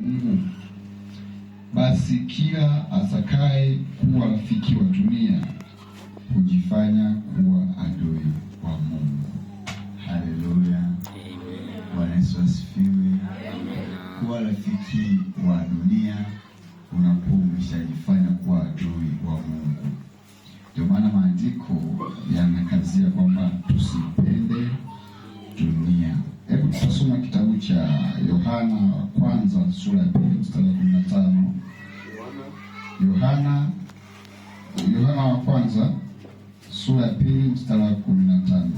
Mungu, mhm. basi kila asakaye kuwa rafiki wa dunia hujifanya kuwa adui wa Mungu. Haleluya, Bwana Yesu asifiwe. Kuwa rafiki wa dunia unakuwa umeshajifanya kuwa adui wa Mungu. Ndio maana maandiko yanakazia kwamba tusipende dunia. Hebu tutasoma kitabu cha Yohana kwanza sura ya pili mstari wa kumi na tano Yohana Yohana wa kwanza sura ya pili mstari wa kumi na tano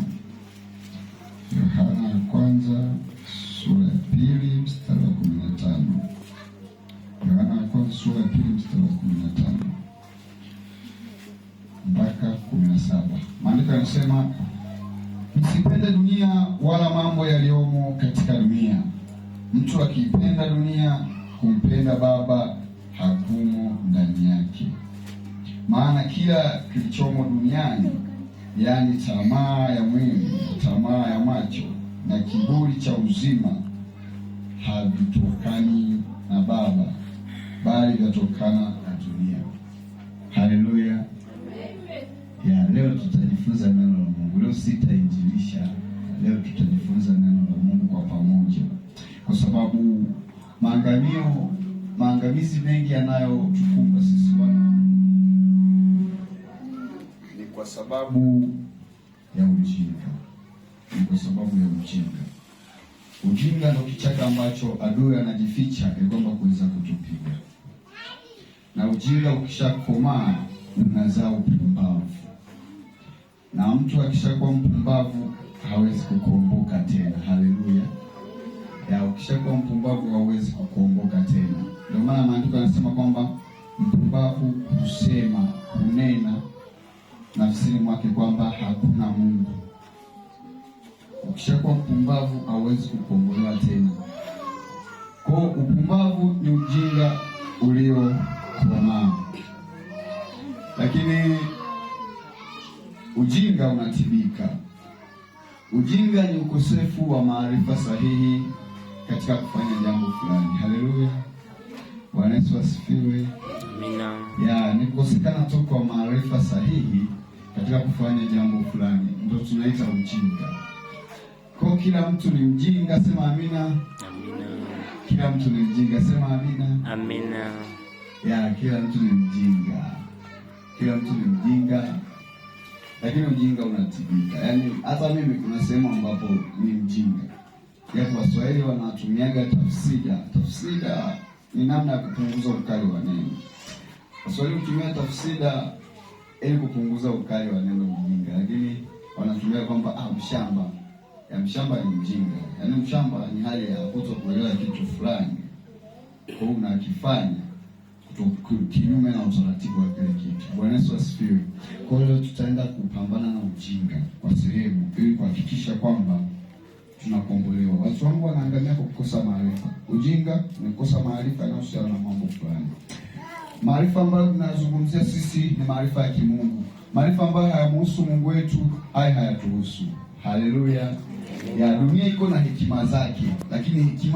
Yohana wa kwanza sura ya pili mstari wa kumi na tano Yohana wa kwanza sura ya pili mstari wa kumi na tano mpaka kumi na saba Maandiko yanasema msipende dunia wala mambo yaliyomo katika dunia Mtu akiipenda dunia, kumpenda Baba hakumo ndani yake. Maana kila kilichomo duniani, yaani tamaa ya mwili, tamaa ya macho na kiburi cha uzima, havitokani na Baba, bali vinatokana na dunia. Haleluya! ya leo tutajifunza neno la Mungu. Leo sitainjilisha, leo tuta sababu maangamio maangamizi mengi yanayotukumba sisi wana ni kwa sababu ya ujinga, ni kwa sababu ya ujinga. Ujinga ndio kichaka ambacho adui anajificha ili kwamba kuweza kutupiga, na ujinga ukishakomaa unazaa upumbavu, na mtu akishakuwa mpumbavu hawezi kukomboka tena. Haleluya! ya ukishakuwa mpumbavu hauwezi kukuongoka tena. Ndio maana maandiko yanasema kwamba mpumbavu husema, hunena nafsini mwake kwamba hakuna Mungu. Ukishakuwa mpumbavu hauwezi kukombolewa tena. Kwa upumbavu ni ujinga uliokomaa, lakini ujinga unatibika. Ujinga ni ukosefu wa maarifa sahihi katika kufanya jambo fulani. Haleluya, Bwana Yesu asifiwe. Amina. Ya ni kukosekana tu kwa maarifa sahihi katika kufanya jambo fulani ndio tunaita ujinga. Kwa kila mtu ni mjinga, sema amina. Amina. Kila mtu ni mjinga, sema amina. Amina. Ya kila mtu ni mjinga, kila mtu ni mjinga lakini ujinga unatibika. Yaani hata mimi kuna sehemu ambapo ni mjinga Japo Waswahili wanatumiaga tafsida. Tafsida ni namna ya kupunguza ukali wa neno. Waswahili hutumia tafsida ili kupunguza ukali wa neno mjinga, lakini wanatumia kwamba ah, mshamba ya mshamba ni mjinga. Yaani mshamba ni hali ya kutokuelewa kitu fulani kwa unakifanya kinyume na utaratibu wa kile kitu. Bwana Yesu asifiwe. Kwa hiyo tutaenda kupambana na watoto wangu wanaangamia kwa kukosa maarifa. Ujinga kukosa maarifa yanayohusiana na mambo fulani. Maarifa ambayo tunazungumzia sisi ni maarifa ya kimungu, maarifa ambayo hayamhusu Mungu wetu, haya hayatuhusu. Haleluya! ya dunia iko na hekima zake, lakini hekima